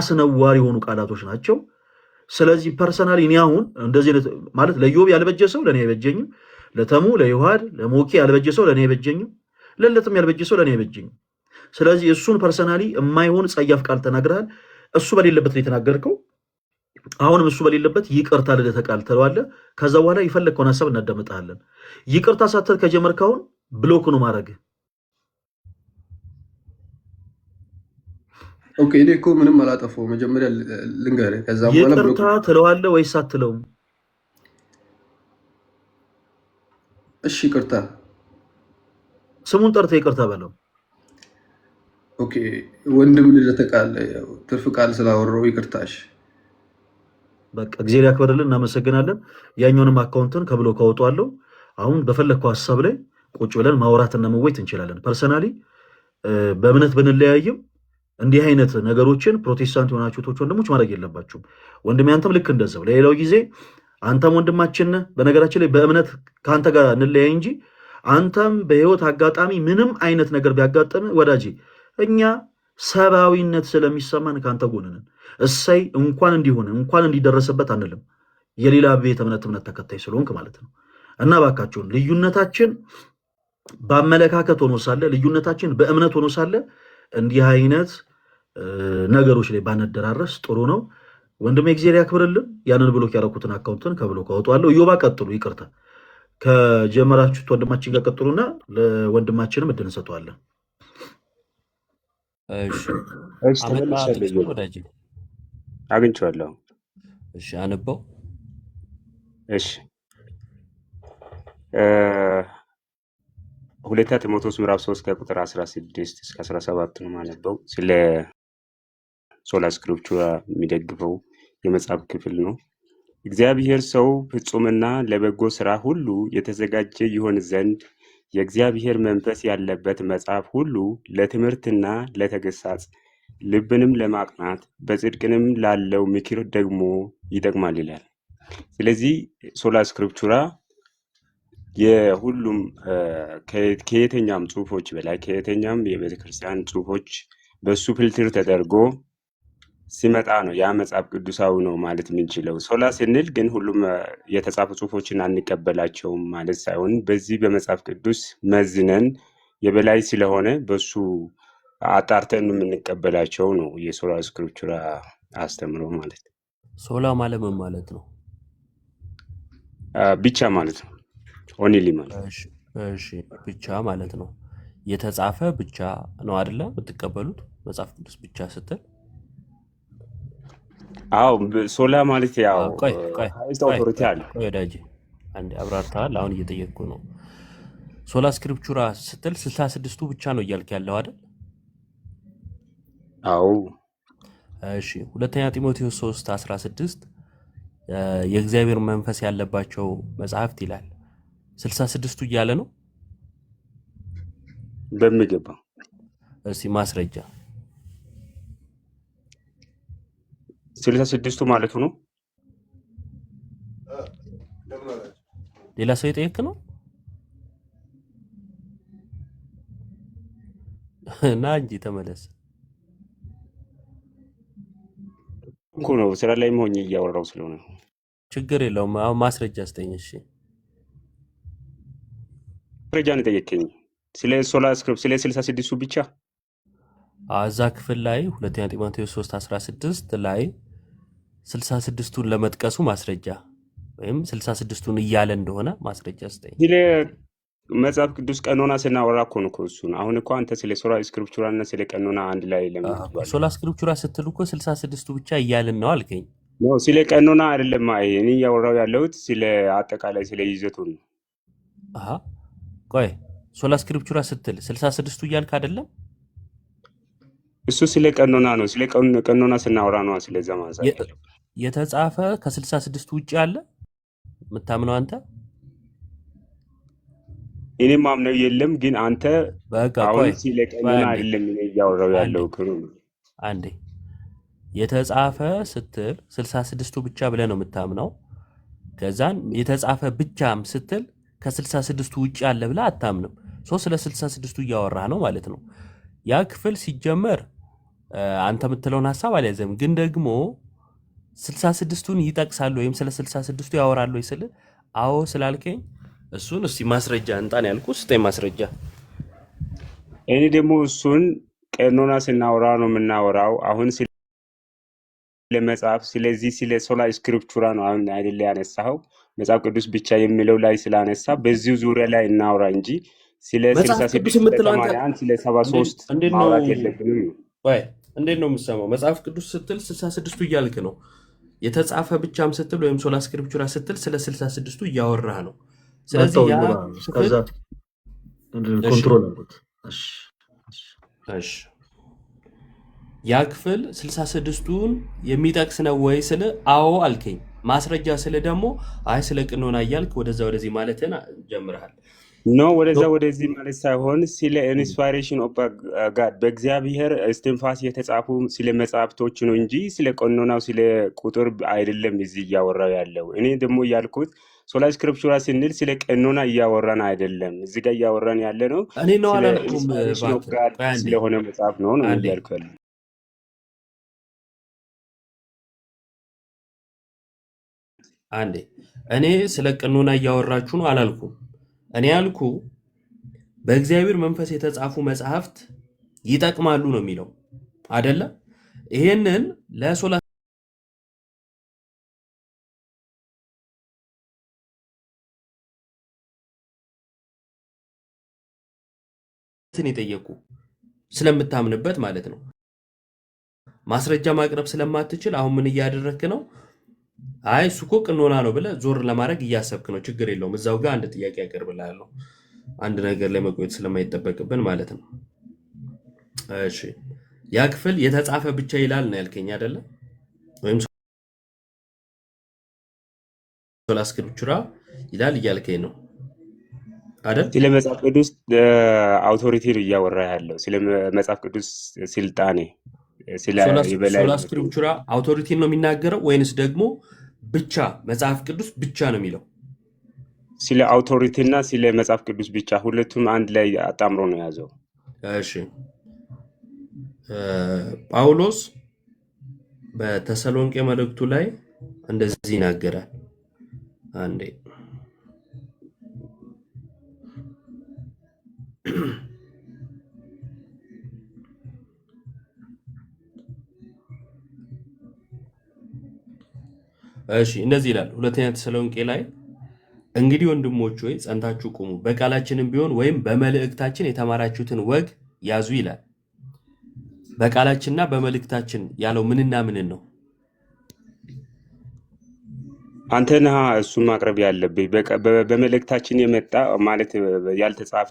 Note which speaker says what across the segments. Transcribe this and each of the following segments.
Speaker 1: አስነዋሪ የሆኑ ቃላቶች ናቸው። ስለዚህ ፐርሰናል እኔ አሁን እንደዚህ ማለት ለዮብ ያልበጀ ሰው ለእኔ አይበጀኝም። ለተሙ ለዮሐድ ለሞኬ ያልበጀ ሰው ለእኔ አይበጀኝም። ለለትም ያልበጀ ሰው ለእኔ አይበጀኝም። ስለዚህ እሱን ፐርሰናሊ የማይሆን ጸያፍ ቃል ተናግረሃል። እሱ በሌለበት ነው የተናገርከው። አሁንም እሱ በሌለበት ይቅርታ ልደተ ቃል ትለዋለህ። ከዛ በኋላ የፈለግከውን ሀሳብ እናዳምጣለን። ይቅርታ ሳትል ከጀመርክ አሁን ብሎክ ነው ማድረግህ
Speaker 2: ኦኬ እኔ እኮ ምንም አላጠፋው። መጀመሪያ ልንገርህ፣
Speaker 1: ከዛ በኋላ ይቅርታ ትለዋለህ ወይስ አትለውም? እሺ ይቅርታ፣ ስሙን ጠርተህ ይቅርታ በለው።
Speaker 2: ኦኬ ወንድም ልደተ ተቃለ ትርፍ ቃል ስላወራው ይቅርታሽ።
Speaker 1: በቃ እግዜር ያክበርልን፣ እናመሰግናለን። ያኛውንም አካውንትን ከብሎ ካወጧለሁ። አሁን በፈለግከው ሀሳብ ላይ ቁጭ ብለን ማውራትና መወያየት እንችላለን። ፐርሰናሊ በእምነት ብንለያይም እንዲህ አይነት ነገሮችን ፕሮቴስታንት የሆናችሁ ቶች ወንድሞች ማድረግ የለባችሁም። ወንድሜ አንተም ልክ እንደዛው ለሌላው ጊዜ አንተም ወንድማችን በነገራችን ላይ በእምነት ከአንተ ጋር እንለያይ እንጂ አንተም በህይወት አጋጣሚ ምንም አይነት ነገር ቢያጋጥም ወዳጄ እኛ ሰብአዊነት ስለሚሰማን ከአንተ ጎን እሰይ እንኳን እንዲሆን እንኳን እንዲደረስበት አንልም። የሌላ ቤተ እምነት እምነት ተከታይ ስለሆንክ ማለት ነው። እና እባካችሁን ልዩነታችን በአመለካከት ሆኖ ሳለ ልዩነታችን በእምነት ሆኖ ሳለ እንዲህ አይነት ነገሮች ላይ ባነደራረስ ጥሩ ነው። ወንድሜ ጊዜ ያክብርልን። ያንን ብሎክ ያረኩትን አካውንትን ከብሎክ አወጣዋለሁ። እዮባ ቀጥሉ፣ ይቅርታ ከጀመራችሁት ወንድማችን ጋር ቀጥሉና ለወንድማችንም እድል እንሰጠዋለን። አግኝቼዋለሁ። እሺ አንበው።
Speaker 2: እሺ ሁለተኛ ጢሞቴዎስ ምዕራፍ ሶስት ከቁጥር አስራ ስድስት እስከ አስራ ሰባት ነው ማነበው ስለ ሶላ ስክሪፕቹራ የሚደግፈው የመጽሐፍ ክፍል ነው። እግዚአብሔር ሰው ፍጹምና ለበጎ ስራ ሁሉ የተዘጋጀ ይሆን ዘንድ የእግዚአብሔር መንፈስ ያለበት መጽሐፍ ሁሉ ለትምህርትና ለተገሳጽ ልብንም ለማቅናት በጽድቅንም ላለው ምክር ደግሞ ይጠቅማል ይላል። ስለዚህ ሶላ ስክሪፕቹራ የሁሉም ከየተኛም ጽሁፎች በላይ ከየተኛም የቤተክርስቲያን ጽሁፎች በሱ ፍልትር ተደርጎ ሲመጣ ነው ያ መጽሐፍ ቅዱሳዊ ነው ማለት የምንችለው። ሶላ ስንል ግን ሁሉም የተጻፉ ጽሁፎችን አንቀበላቸውም ማለት ሳይሆን በዚህ በመጽሐፍ ቅዱስ መዝነን የበላይ ስለሆነ በሱ አጣርተን የምንቀበላቸው ነው የሶላ ስክሪፕቹራ አስተምሮ ማለት
Speaker 1: ሶላ ማለት ምን ማለት ነው?
Speaker 2: ብቻ ማለት ነው። ኦኒሊ
Speaker 1: ማለት ብቻ ማለት ነው። የተጻፈ ብቻ ነው አይደለ? የምትቀበሉት መጽሐፍ ቅዱስ ብቻ ስትል
Speaker 2: አዎ ሶላ ማለት ያው ኦቶሪቲ አለ
Speaker 1: ወዳጅ አንድ አብራርተዋል። አሁን እየጠየቅኩ ነው። ሶላ ስክሪፕቹራ ስትል ስልሳ ስድስቱ ብቻ ነው እያልክ ያለው አይደል? አዎ እሺ። ሁለተኛ ጢሞቴዎስ 3 16 የእግዚአብሔር መንፈስ ያለባቸው መጽሐፍት ይላል። ስልሳ ስድስቱ እያለ ነው በሚገባ። እስኪ ማስረጃ
Speaker 2: ስልሳ ስድስቱ ማለቱ ነው።
Speaker 1: ሌላ ሰው የጠየቅ ነው እና እንጂ ተመለስ
Speaker 2: እኮ ነው። ስራ ላይ መሆኝ እያወራው ስለሆነ
Speaker 1: ችግር የለውም። አሁን ማስረጃ አስጠኝ እሺ
Speaker 2: ማስረጃን የጠየቀኝ ስለ ሶላ ስክሪፕት ስለ ስልሳ ስድስቱ ብቻ
Speaker 1: እዛ ክፍል ላይ ሁለተኛ ጢሞቴዎስ ሶስት አስራ ስድስት ላይ ስልሳ ስድስቱን ለመጥቀሱ ማስረጃ ወይም ስልሳ ስድስቱን እያለ እንደሆነ ማስረጃ ስጠኝ።
Speaker 2: መጽሐፍ ቅዱስ ቀኖና ስናወራ እኮ ነው እሱን። አሁን እኮ አንተ ስለ ሶላ ስክሪፕቹራ እና ስለ ቀኖና አንድ ላይ
Speaker 1: ሶላ ስክሪፕቹራ ስትል እኮ ስልሳ ስድስቱ ብቻ እያልን ነው አልከኝ።
Speaker 2: ስለ ቀኖና አይደለም እኔ እያወራው ያለሁት ስለ አጠቃላይ ስለ ይዘቱ ነው።
Speaker 1: ቆይ ሶላ ስክሪፕቹራ ስትል ስልሳ ስድስቱ እያልክ አይደለም?
Speaker 2: እሱ ስለ ቀኖና ነው። ስለ ቀኖና ስናወራ ነው። ስለዛ ማንሳት
Speaker 1: የተጻፈ ከስልሳ ስድስት ውጭ አለ የምታምነው አንተ?
Speaker 2: እኔ ማምነው የለም። ግን አንተ አሁን ሲለቀኝ አይደለም እያወራው ያለው ክሩ
Speaker 1: አንዴ የተጻፈ ስትል ስልሳ ስድስቱ ብቻ ብለህ ነው የምታምነው። ከዛን የተጻፈ ብቻም ስትል ከስልሳ ስድስቱ ውጭ አለ ብለህ አታምንም። ሶ ስለ ስልሳ ስድስቱ እያወራህ ነው ማለት ነው። ያ ክፍል ሲጀመር አንተ የምትለውን ሀሳብ አልያዘም። ግን ደግሞ ስልሳ ስድስቱን ይጠቅሳሉ ወይም ስለ ስልሳ ስድስቱ ያወራሉ ስል አዎ ስላልከኝ እሱን እስቲ ማስረጃ እንጣን ያልኩ ስጠኝ ማስረጃ።
Speaker 2: እኔ ደግሞ እሱን ቀኖና ስናወራ ነው የምናወራው አሁን ስለ መጽሐፍ ስለዚህ ስለ ሶላ ስክሪፕቱራ ነው አሁን አይደለ ያነሳኸው መጽሐፍ ቅዱስ ብቻ የሚለው ላይ ስላነሳ በዚሁ ዙሪያ ላይ እናውራ እንጂ ስለ ስለ ሰባ ሶስት
Speaker 1: ማውራት የለብንም ነው። እንዴት ነው የምሰማው? መጽሐፍ ቅዱስ ስትል ስልሳ ስድስቱ እያልክ ነው የተጻፈ ብቻም ስትል ወይም ሶላ ስክሪፕቹራ ስትል ስለ ስልሳ ስድስቱ እያወራህ ነው። ስለዚህ ያ ክፍል ስልሳ ስድስቱን የሚጠቅስ ነው ወይ ስል አዎ አልከኝ። ማስረጃ ስል ደግሞ አይ ስለ ቅኖና እያልክ ወደዛ ወደዚህ ማለትን ጀምረሃል።
Speaker 2: ኖ ወደዛ ወደዚህ ማለት ሳይሆን ስለ ኢንስፓይሬሽን ኦፍ ጋድ በእግዚአብሔር እስትንፋስ የተጻፉ ስለ መጽሐፍቶች ነው እንጂ ስለ ቀኖናው ስለ ቁጥር አይደለም። እዚህ እያወራው ያለው እኔ ደግሞ እያልኩት ሶላ ስክሪፕቹራ ስንል ስለ ቀኖና እያወራን አይደለም። እዚህ ጋር እያወራን ያለ ነው ስለሆነ መጽሐፍ ነው
Speaker 1: ነው እያልኩ ያለ አንዴ እኔ ስለ ቀኖና እያወራችሁ ነው አላልኩም። እኔ ያልኩ በእግዚአብሔር መንፈስ የተጻፉ መጽሐፍት ይጠቅማሉ ነው የሚለው አደለ? ይሄንን ለሶላ የጠየቁ ስለምታምንበት ማለት ነው። ማስረጃ ማቅረብ ስለማትችል አሁን ምን እያደረክ ነው? አይ ሱኮ ቅኖና ነው ብለህ ዞር ለማድረግ እያሰብክ ነው። ችግር የለውም። እዛው ጋር አንድ ጥያቄ ያቀርብልሃለሁ። አንድ ነገር ላይ መቆየት ስለማይጠበቅብን ማለት ነው። እሺ ያ ክፍል የተጻፈ ብቻ ይላል ነው ያልከኝ አይደለ? ወይም ሶላ ስክሪፕቹራ ይላል እያልከኝ ነው
Speaker 2: አይደል? ስለ መጽሐፍ ቅዱስ አውቶሪቲ ነው እያወራ ያለው፣ ስለ መጽሐፍ ቅዱስ ስልጣኔ
Speaker 1: ሶላ ስክሪፕቹራ አውቶሪቲን ነው የሚናገረው ወይንስ ደግሞ ብቻ መጽሐፍ ቅዱስ ብቻ ነው የሚለው?
Speaker 2: ስለ እና ስለ መጽሐፍ ቅዱስ ብቻ ሁለቱም አንድ ላይ አጣምሮ ነው የያዘው።
Speaker 1: እሺ ጳውሎስ በተሰሎንቄ መልእክቱ ላይ እንደዚህ ይናገራል። አንዴ እሺ እንደዚህ ይላል ሁለተኛ ተሰሎንቄ ላይ እንግዲህ ወንድሞች ሆይ ጸንታችሁ ቁሙ፣ በቃላችንም ቢሆን ወይም በመልእክታችን የተማራችሁትን ወግ ያዙ ይላል። በቃላችንና በመልእክታችን ያለው ምንና ምንን ነው?
Speaker 2: አንተ ነሃ እሱን ማቅረብ ያለብኝ። በመልእክታችን የመጣ ማለት ያልተጻፈ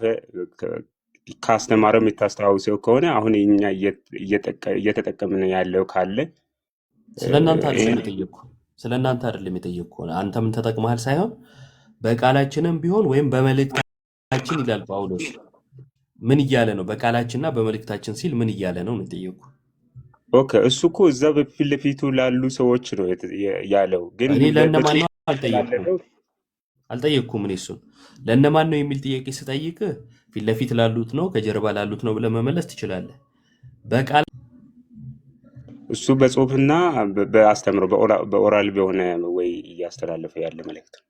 Speaker 2: ካስተማረው የምታስተዋውሰው ከሆነ አሁን እኛ እየተጠቀምን ያለው ካለ
Speaker 1: ስለእናንተ አልሰ ስለ እናንተ አይደለም የጠየቅኩህ። አንተ ምን ተጠቅመሃል ሳይሆን በቃላችንም ቢሆን ወይም በመልእክታችን ይላል ጳውሎስ። ምን እያለ ነው? በቃላችንና በመልእክታችን ሲል ምን እያለ ነው የጠየቅኩህ።
Speaker 2: ኦኬ፣ እሱ እኮ እዛ በፊት ለፊቱ ላሉ ሰዎች ነው ያለው።
Speaker 1: ግን እኔ ለእነማን ነው አልጠየቅኩም አልጠየቅኩም እኔ እሱን ለእነማን ነው የሚል ጥያቄ ስጠይቅ? ፊት ለፊት ላሉት ነው ከጀርባ ላሉት ነው ብለህ መመለስ ትችላለህ። በቃል
Speaker 2: እሱ በጽሁፍና በአስተምሮ በኦራል በሆነ ወይ እያስተላለፈ ያለ መልእክት ነው።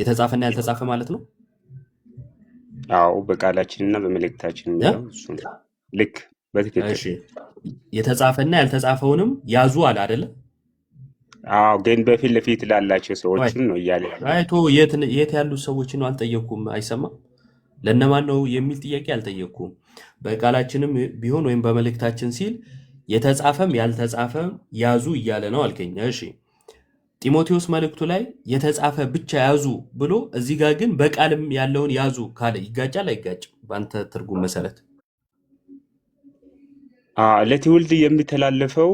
Speaker 1: የተጻፈና ያልተጻፈ ማለት ነው።
Speaker 2: አዎ በቃላችንና በመልእክታችን ልክ
Speaker 1: በትክክል የተጻፈና ያልተጻፈውንም ያዙ አለ አደለ?
Speaker 2: አዎ ግን በፊት ለፊት ላላቸው ሰዎችም ነው እያለ
Speaker 1: የት ያሉ ሰዎችን ነው አልጠየኩም። አይሰማም ለእነማን ነው የሚል ጥያቄ አልጠየቅኩም። በቃላችንም ቢሆን ወይም በመልእክታችን ሲል የተጻፈም ያልተጻፈም ያዙ እያለ ነው አልከኝ። እሺ ጢሞቴዎስ መልእክቱ ላይ የተጻፈ ብቻ ያዙ ብሎ እዚህ ጋር ግን በቃልም ያለውን ያዙ ካለ ይጋጫል አይጋጭም? በአንተ ትርጉም መሰረት
Speaker 2: ለትውልድ የሚተላለፈው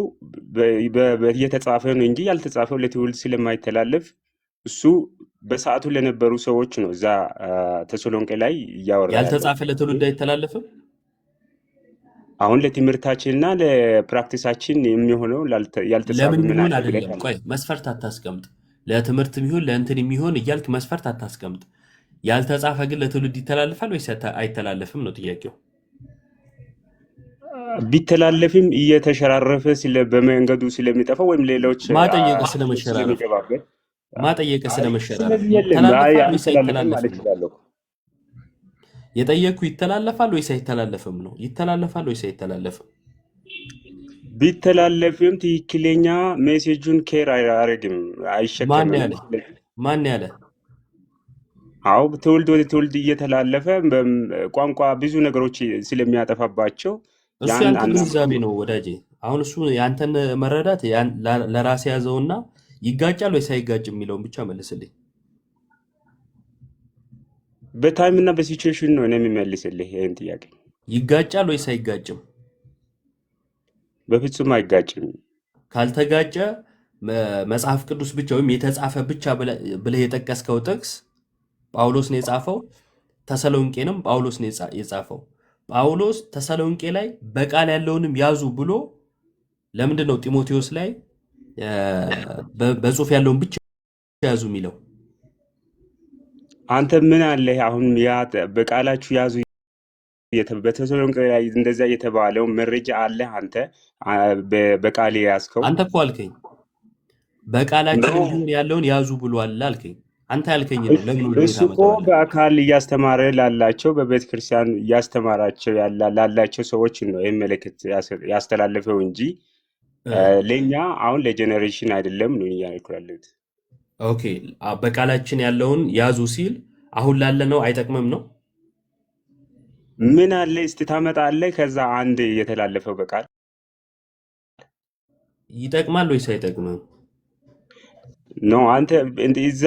Speaker 2: እየተጻፈ ነው እንጂ ያልተጻፈው ለትውልድ ስለማይተላለፍ እሱ በሰዓቱ ለነበሩ ሰዎች ነው። እዛ ተሰሎንቄ ላይ እያወራ
Speaker 1: ያልተጻፈ ለትውልድ አይተላለፍም።
Speaker 2: አሁን ለትምህርታችንና ለፕራክቲሳችን የሚሆነው ያልተጻፈ
Speaker 1: አይደለም። ቆይ መስፈርት አታስቀምጥ። ለትምህርት የሚሆን ለእንትን የሚሆን እያልክ መስፈርት አታስቀምጥ። ያልተጻፈ ግን ለትውልድ ይተላልፋል ወይስ አይተላለፍም ነው ጥያቄው።
Speaker 2: ቢተላለፍም እየተሸራረፈ በመንገዱ ስለሚጠፋ ወይም ሌሎች
Speaker 1: ማጠየቅ ስለመሸራረፍ ማጠየቅ ስለመሸራረፍ የጠየኩ ይተላለፋል ወይስ አይተላለፍም ነው? ይተላለፋል ወይስ አይተላለፍም?
Speaker 2: ቢተላለፍም ትክክለኛ ሜሴጁን ኬር አያደርግም፣
Speaker 1: አይሸከምም። ማን ያለ?
Speaker 2: አዎ ትውልድ ወደ ትውልድ እየተላለፈ ቋንቋ ብዙ ነገሮች ስለሚያጠፋባቸው
Speaker 1: እሱ ያንተ ግንዛቤ ነው ወዳጄ። አሁን እሱ ያንተን መረዳት ለራስ ያዘውና ይጋጫል ወይ ሳይጋጭ የሚለውን ብቻ መልስልኝ።
Speaker 2: በታይም እና በሲቹዌሽን ነው እኔ የሚመልስልህ ይህን ጥያቄ።
Speaker 1: ይጋጫል ወይስ አይጋጭም?
Speaker 2: በፍጹም አይጋጭም።
Speaker 1: ካልተጋጨ መጽሐፍ ቅዱስ ብቻ ወይም የተጻፈ ብቻ ብለህ የጠቀስከው ጥቅስ ጳውሎስ ነው የጻፈው፣ ተሰሎንቄንም ጳውሎስ ነው የጻፈው። ጳውሎስ ተሰሎንቄ ላይ በቃል ያለውንም ያዙ ብሎ ለምንድን ነው ጢሞቴዎስ ላይ በጽሁፍ ያለውን ብቻ ያዙ የሚለው
Speaker 2: አንተ ምን አለ አሁን በቃላችሁ ያዙ በተሰሎንቄ ላይ እንደዚያ የተባለው መረጃ አለ። አንተ በቃል ያዝከው
Speaker 1: አንተ እኮ አልከኝ። በቃላችሁ ያለውን ያዙ ብሏል አልከኝ። አንተ ያልከኝ
Speaker 2: ነው። እሱ እኮ በአካል እያስተማረ ላላቸው በቤተ ክርስቲያን እያስተማራቸው ላላቸው ሰዎች ነው ይህ መልእክት ያስተላለፈው እንጂ ለእኛ አሁን ለጀኔሬሽን አይደለም ነው እያልኩ ያለሁት።
Speaker 1: ኦኬ በቃላችን ያለውን ያዙ ሲል አሁን ላለ ነው አይጠቅምም ነው
Speaker 2: ምን አለ እስቲ ታመጣለህ። ከዛ አንድ የተላለፈው በቃል
Speaker 1: ይጠቅማል ወይስ አይጠቅምም
Speaker 2: ነው አንተ እዛ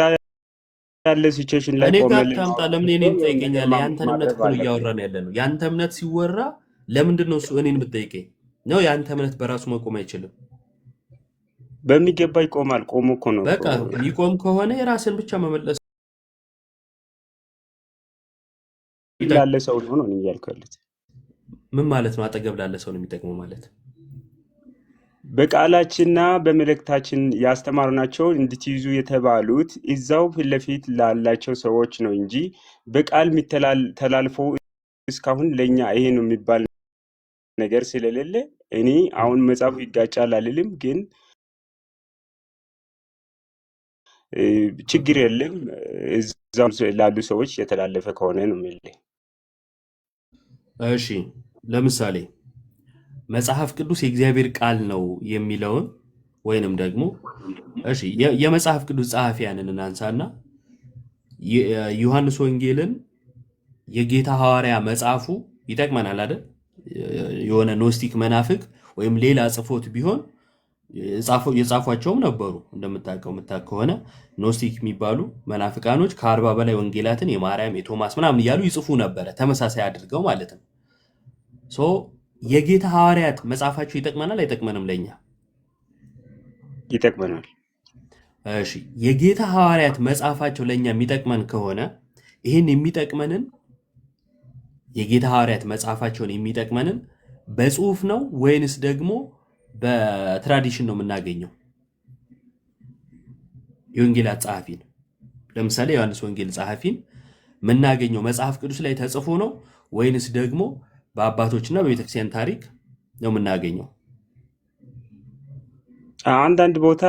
Speaker 2: ያለ ሲቹዌሽን ላይ እኔ
Speaker 1: ጋር ታምጣ። ለምን እኔን ትጠይቀኛለህ? የአንተን እምነት እኮ እያወራን ያለ ነው። የአንተ እምነት ሲወራ ለምንድን ነው እሱ እኔን የምትጠይቀኝ? ነው የአንተ እምነት በራሱ መቆም አይችልም።
Speaker 2: በሚገባ ይቆማል። ቆሞ እኮ ነው
Speaker 1: በቃ የሚቆም ከሆነ የራስን ብቻ መመለስ
Speaker 2: ላለ ሰው ነው ነው እያልከለት
Speaker 1: ምን ማለት ነው? አጠገብ ላለ ሰው ነው የሚጠቅመው ማለት
Speaker 2: በቃላችንና በመልእክታችን ያስተማርናቸው እንድትይዙ የተባሉት እዛው ፊት ለፊት ላላቸው ሰዎች ነው እንጂ በቃል ተላልፎ እስካሁን ለእኛ ይሄ ነው የሚባል ነገር ስለሌለ እኔ አሁን መጽሐፉ ይጋጫል አልልም፣ ግን ችግር የለም። እዛም ላሉ ሰዎች የተላለፈ ከሆነ ነው የሚል።
Speaker 1: እሺ ለምሳሌ መጽሐፍ ቅዱስ የእግዚአብሔር ቃል ነው የሚለውን ወይንም ደግሞ እሺ የመጽሐፍ ቅዱስ ጸሐፊያንን እናንሳና ዮሐንስ ወንጌልን የጌታ ሐዋርያ መጽሐፉ ይጠቅመናል አይደል? የሆነ ኖስቲክ መናፍቅ ወይም ሌላ ጽፎት ቢሆን የጻፏቸውም ነበሩ። እንደምታውቀው ምታ ከሆነ ኖስቲክ የሚባሉ መናፍቃኖች ከአርባ በላይ ወንጌላትን የማርያም የቶማስ ምናምን እያሉ ይጽፉ ነበረ፣ ተመሳሳይ አድርገው ማለት ነው። የጌታ ሐዋርያት መጽሐፋቸው ይጠቅመናል አይጠቅመንም? ለእኛ ይጠቅመናል። እሺ የጌታ ሐዋርያት መጽሐፋቸው ለእኛ የሚጠቅመን ከሆነ ይህን የሚጠቅመንን የጌታ ሐዋርያት መጽሐፋቸውን የሚጠቅመንን በጽሁፍ ነው ወይንስ ደግሞ በትራዲሽን ነው የምናገኘው? የወንጌላት ጸሐፊን ለምሳሌ ዮሐንስ ወንጌል ጸሐፊን የምናገኘው መጽሐፍ ቅዱስ ላይ ተጽፎ ነው ወይንስ ደግሞ በአባቶችና በቤተክርስቲያን ታሪክ ነው የምናገኘው?
Speaker 2: አንዳንድ ቦታ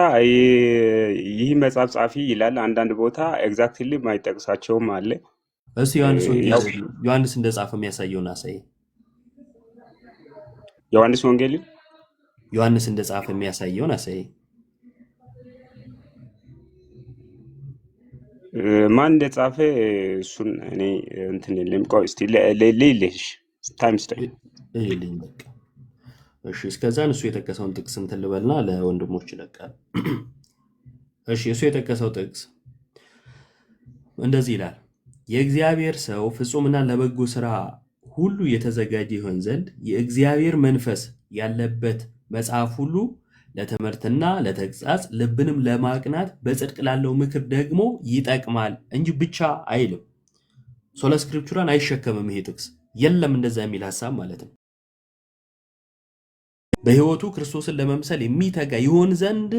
Speaker 2: ይህ መጽሐፍ ጸሐፊ ይላል፣ አንዳንድ ቦታ ኤግዛክትሊ ማይጠቅሳቸውም አለ።
Speaker 1: እሱ ዮሐንስ እንደጻፈ የሚያሳየውን አሳይ። ዮሐንስ ወንጌል ዮሐንስ እንደጻፈ የሚያሳየውን አሳይ።
Speaker 2: ማን እንደጻፈ እሱን እኔ እንትን የለም። ቆይ እስኪ ታይም ስጠኝ።
Speaker 1: እሺ። እስከዛን እሱ የጠቀሰውን ጥቅስ እንትን ልበልና ለወንድሞች ይለቃል። እሺ፣ እሱ የጠቀሰው ጥቅስ እንደዚህ ይላል የእግዚአብሔር ሰው ፍጹምና ለበጎ ሥራ ሁሉ የተዘጋጀ ይሆን ዘንድ የእግዚአብሔር መንፈስ ያለበት መጽሐፍ ሁሉ ለትምህርትና ለተግሣጽ፣ ልብንም ለማቅናት በጽድቅ ላለው ምክር ደግሞ ይጠቅማል እንጂ ብቻ አይልም። ሶለ ስክሪፕቹራን አይሸከምም። ይሄ ጥቅስ የለም እንደዛ የሚል ሀሳብ ማለት ነው። በሕይወቱ ክርስቶስን ለመምሰል የሚተጋ ይሆን ዘንድ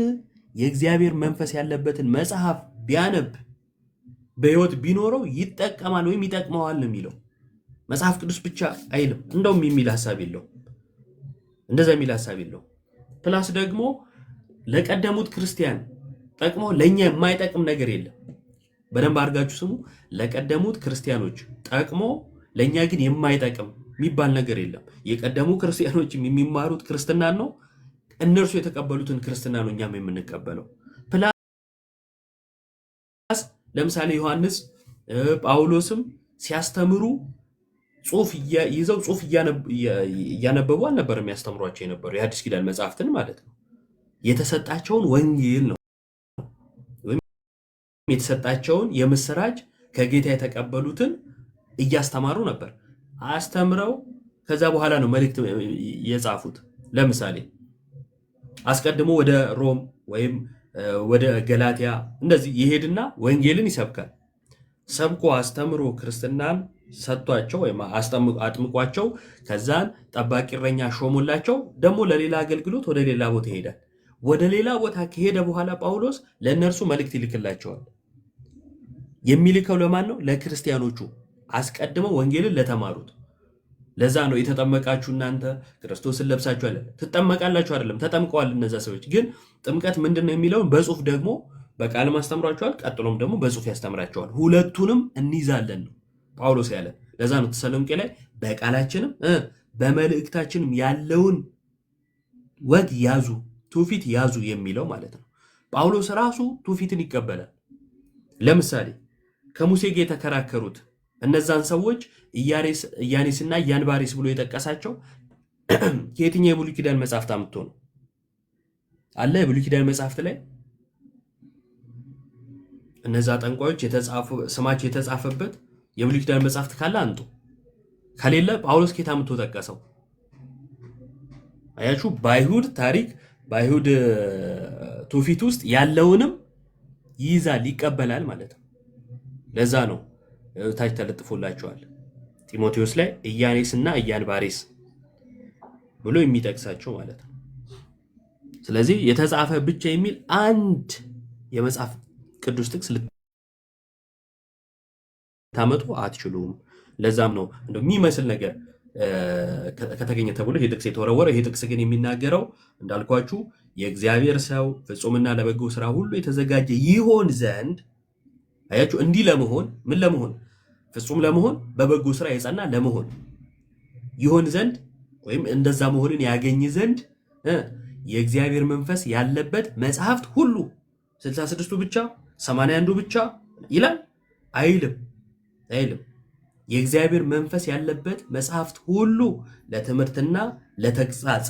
Speaker 1: የእግዚአብሔር መንፈስ ያለበትን መጽሐፍ ቢያነብ በህይወት ቢኖረው ይጠቀማል ወይም ይጠቅመዋል ነው የሚለው። መጽሐፍ ቅዱስ ብቻ አይልም። እንደውም የሚል ሀሳብ የለው፣ እንደዛ የሚል ሀሳብ የለው። ፕላስ ደግሞ ለቀደሙት ክርስቲያን ጠቅሞ ለእኛ የማይጠቅም ነገር የለም። በደንብ አድርጋችሁ ስሙ። ለቀደሙት ክርስቲያኖች ጠቅሞ ለእኛ ግን የማይጠቅም የሚባል ነገር የለም። የቀደሙ ክርስቲያኖች የሚማሩት ክርስትናን ነው። እነርሱ የተቀበሉትን ክርስትና ነው እኛም የምንቀበለው። ለምሳሌ ዮሐንስ፣ ጳውሎስም ሲያስተምሩ ጽሁፍ ይዘው ጽሁፍ እያነበቡ አልነበር የሚያስተምሯቸው የነበሩ የአዲስ ኪዳን መጽሐፍትን ማለት ነው። የተሰጣቸውን ወንጌል ነው ወይም የተሰጣቸውን የምስራች ከጌታ የተቀበሉትን እያስተማሩ ነበር። አስተምረው ከዛ በኋላ ነው መልእክት የጻፉት። ለምሳሌ አስቀድሞ ወደ ሮም ወይም ወደ ገላትያ እንደዚህ ይሄድና ወንጌልን ይሰብካል። ሰብኮ አስተምሮ ክርስትናን ሰጥቷቸው ወይም አጥምቋቸው ከዛን ጠባቂ እረኛ ሾሞላቸው ደግሞ ለሌላ አገልግሎት ወደ ሌላ ቦታ ይሄዳል። ወደ ሌላ ቦታ ከሄደ በኋላ ጳውሎስ ለእነርሱ መልእክት ይልክላቸዋል። የሚልከው ለማን ነው? ለክርስቲያኖቹ፣ አስቀድመው ወንጌልን ለተማሩት ለዛ ነው የተጠመቃችሁ እናንተ ክርስቶስን አለ። ትጠመቃላችሁ አይደለም፣ ተጠምቀዋል። እነዛ ሰዎች ግን ጥምቀት ምንድን ነው የሚለውን በጽሁፍ ደግሞ በቃልም አስተምሯቸዋል። ቀጥሎም ደግሞ በጽሁፍ ያስተምራቸዋል። ሁለቱንም እንይዛለን ነው ጳውሎስ ያለ። ለዛ ነው ተሰሎንቄ ላይ በቃላችንም በመልእክታችንም ያለውን ወግ ያዙ፣ ትውፊት ያዙ የሚለው ማለት ነው። ጳውሎስ ራሱ ትውፊትን ይቀበላል። ለምሳሌ ከሙሴ ጋር የተከራከሩት እነዛን ሰዎች ኢያኔስና እያንባሪስ ብሎ የጠቀሳቸው ከየትኛው የብሉይ ኪዳን መጽሐፍት አምጥቶ ነው? አለ የብሉይ ኪዳን መጽሐፍት ላይ እነዛ ጠንቋዮች ስማቸው የተጻፈበት የብሉይ ኪዳን መጽሐፍት ካለ አንጡ። ከሌለ ጳውሎስ ኬታ ምቶ ጠቀሰው? አያችሁ፣ በአይሁድ ታሪክ በአይሁድ ትውፊት ውስጥ ያለውንም ይይዛል፣ ይቀበላል ማለት ነው። ለዛ ነው ታች ተለጥፎላቸዋል። ጢሞቴዎስ ላይ እያኔስ እና እያንባሬስ ብሎ የሚጠቅሳቸው ማለት ነው። ስለዚህ የተጻፈ ብቻ የሚል አንድ የመጽሐፍ ቅዱስ ጥቅስ ልታመጡ አትችሉም። ለዛም ነው የሚመስል ነገር ከተገኘ ተብሎ ይህ ጥቅስ የተወረወረ። ይህ ጥቅስ ግን የሚናገረው እንዳልኳችሁ የእግዚአብሔር ሰው ፍጹምና ለበጎ ስራ ሁሉ የተዘጋጀ ይሆን ዘንድ አያችሁ እንዲህ ለመሆን ምን ለመሆን ፍጹም ለመሆን በበጎ ስራ የጸና ለመሆን ይሆን ዘንድ ወይም እንደዛ መሆንን ያገኝ ዘንድ የእግዚአብሔር መንፈስ ያለበት መጽሐፍት ሁሉ 66ቱ ብቻ 81 አንዱ ብቻ ይላል አይልም አይልም። የእግዚአብሔር መንፈስ ያለበት መጽሐፍት ሁሉ ለትምህርትና ለተግሳጽ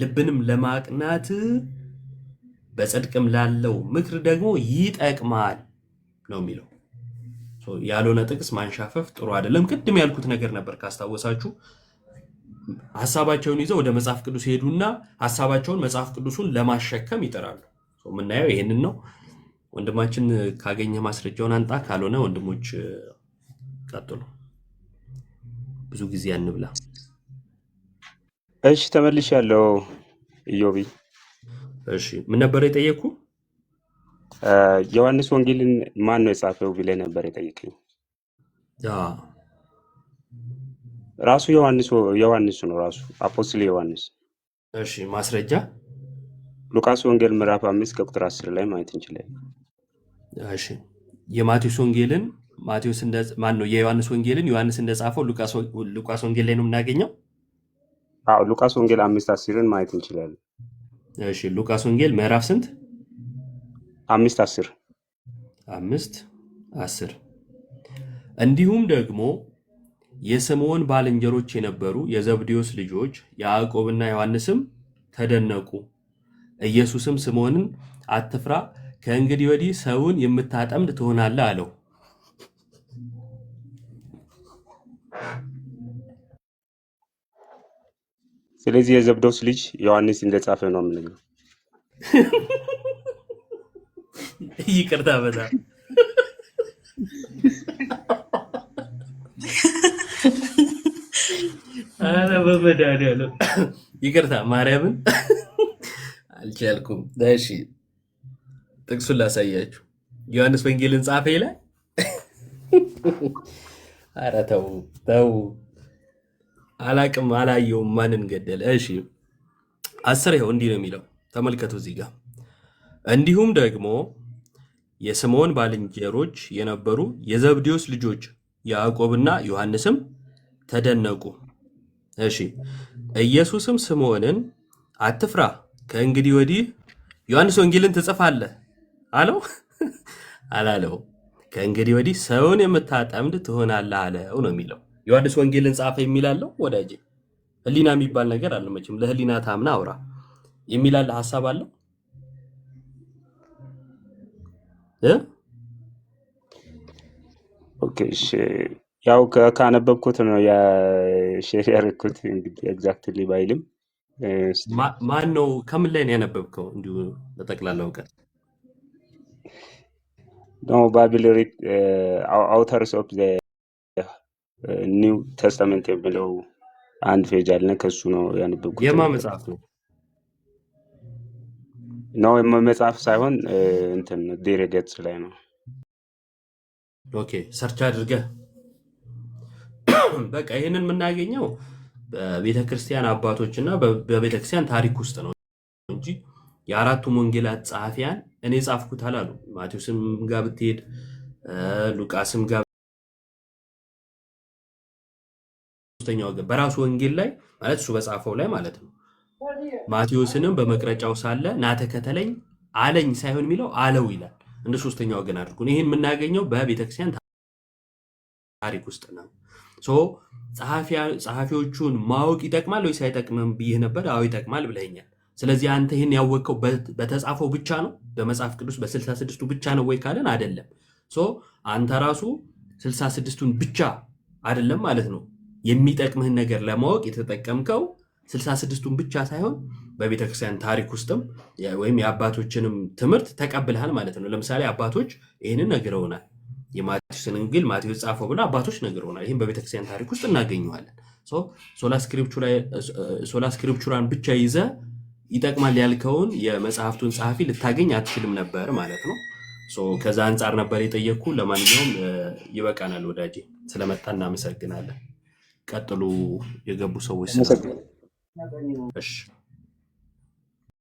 Speaker 1: ልብንም ለማቅናት በጽድቅም ላለው ምክር ደግሞ ይጠቅማል። ነው የሚለው። ያልሆነ ጥቅስ ማንሻፈፍ ጥሩ አይደለም። ቅድም ያልኩት ነገር ነበር ካስታወሳችሁ ሀሳባቸውን ይዘው ወደ መጽሐፍ ቅዱስ ይሄዱና ሀሳባቸውን መጽሐፍ ቅዱሱን ለማሸከም ይጠራሉ። የምናየው ይህንን ነው። ወንድማችን ካገኘ ማስረጃውን አንጣ፣ ካልሆነ ወንድሞች ቀጥሉ። ብዙ ጊዜ አንብላ።
Speaker 2: እሺ ተመልሽ ያለው ኢዮቢ።
Speaker 1: እሺ ምን ነበር
Speaker 2: ዮሐንስ ወንጌልን ማን ነው የጻፈው ብለህ ነበር የጠየቀኝ። ራሱ ዮሐንስ ነው ራሱ አፖስትል ዮሐንስ።
Speaker 1: እሺ ማስረጃ
Speaker 2: ሉቃስ ወንጌል ምዕራፍ አምስት ከቁጥር አስር ላይ ማየት እንችላለን።
Speaker 1: እሺ የማቴዎስ ወንጌልን ማቴዎስ ማን ነው የዮሐንስ ወንጌልን ዮሐንስ እንደጻፈው ሉቃስ ወንጌል ላይ ነው የምናገኘው።
Speaker 2: አዎ ሉቃስ ወንጌል አምስት አስርን ማየት እንችላለን።
Speaker 1: እሺ ሉቃስ ወንጌል ምዕራፍ ስንት አምስት አስር አምስት አስር እንዲሁም ደግሞ የስምዖን ባልንጀሮች የነበሩ የዘብዴዎስ ልጆች ያዕቆብና ዮሐንስም ተደነቁ። ኢየሱስም ስምዖንን አትፍራ፣ ከእንግዲህ ወዲህ ሰውን የምታጠምድ ትሆናለህ አለው።
Speaker 2: ስለዚህ የዘብዶስ ልጅ ዮሐንስ እንደጻፈ ነው የምንለው።
Speaker 1: ይቅርታ በጣም አረ በመድኃኒዓለም ይቅርታ ማርያምን አልቻልኩም። እሺ ጥቅሱን ላሳያችሁ። ዮሐንስ ወንጌልን ጻፈ ይላል። አረ ተው ተው፣ አላቅም፣ አላየውም፣ ማንን ገደለ? እሺ አስር ይኸው እንዲህ ነው የሚለው ተመልከቱ እዚህ ጋር እንዲሁም ደግሞ የስምዖን ባልንጀሮች የነበሩ የዘብዴዎስ ልጆች ያዕቆብና ዮሐንስም ተደነቁ። እሺ፣ ኢየሱስም ስምዖንን አትፍራ፣ ከእንግዲህ ወዲህ ዮሐንስ ወንጌልን ትጽፋለህ አለው? አላለው። ከእንግዲህ ወዲህ ሰውን የምታጠምድ ትሆናለህ አለው ነው የሚለው። ዮሐንስ ወንጌልን ጻፈ የሚላለው ወዳጄ፣ ህሊና የሚባል ነገር አለ። መቼም ለህሊና ታምና አውራ የሚላለ ሀሳብ አለው።
Speaker 2: ኦኬ ያው ከ- ካነበብኩት ነው ሼር ያደረግኩት። እንግዲህ ኤግዛክትሊ ባይልም
Speaker 1: ማን ነው? ከምን ላይ ነው ያነበብከው? እንዲሁ በጠቅላላ እውቀት
Speaker 2: ኖ ባይብል አውተርስ ኦፍ ኒው ተስተመንት የሚለው አንድ ፌጅ አለ ከሱ ነው
Speaker 1: ያነበብኩት የማ መጽሐፍ ነው?
Speaker 2: ነው መጽሐፍ ሳይሆን እንትን ድረ ገጽ ላይ ነው።
Speaker 1: ኦኬ ሰርች አድርገህ በቃ ይህንን የምናገኘው በቤተ ክርስቲያን አባቶች እና በቤተ ክርስቲያን ታሪክ ውስጥ ነው እንጂ የአራቱም ወንጌላት ጸሐፊያን እኔ ጻፍኩት አላሉ። ማቴዎስም ጋር ብትሄድ ሉቃስም ጋር ሶስተኛ ወገን በራሱ ወንጌል ላይ ማለት እሱ በጻፈው ላይ ማለት ነው ማቴዎስንም በመቅረጫው ሳለ ና ተከተለኝ አለኝ ሳይሆን የሚለው አለው ይላል። እንደ ሶስተኛ ወገን አድርጉን። ይህን የምናገኘው በቤተክርስቲያን ታሪክ ውስጥ ነው። ጸሐፊዎቹን ማወቅ ይጠቅማል ወይስ አይጠቅምም ብይህ ነበር። አዎ ይጠቅማል ብለኛል። ስለዚህ አንተ ይህን ያወቀው በተጻፈው ብቻ ነው፣ በመጽሐፍ ቅዱስ በስልሳ ስድስቱ ብቻ ነው ወይ ካለን አይደለም። አንተ ራሱ ስልሳ ስድስቱን ብቻ አይደለም ማለት ነው የሚጠቅምህን ነገር ለማወቅ የተጠቀምከው ስልሳ ስድስቱን ብቻ ሳይሆን በቤተክርስቲያን ታሪክ ውስጥም ወይም የአባቶችንም ትምህርት ተቀብልሃል ማለት ነው። ለምሳሌ አባቶች ይህንን ነግረውናል። የማቴዎስን እንግል ማቴዎስ ጻፈው ብለ አባቶች ነግረውናል። ይህም በቤተክርስቲያን ታሪክ ውስጥ እናገኘዋለን። ሶላ ስክሪፕቹራን ብቻ ይዘ ይጠቅማል ያልከውን የመጽሐፍቱን ጸሐፊ ልታገኝ አትችልም ነበር ማለት ነው። ከዛ አንጻር ነበር የጠየቅኩ። ለማንኛውም ይበቃናል ወዳጄ፣ ስለመጣ እናመሰግናለን። ቀጥሉ የገቡ ሰዎች እሺ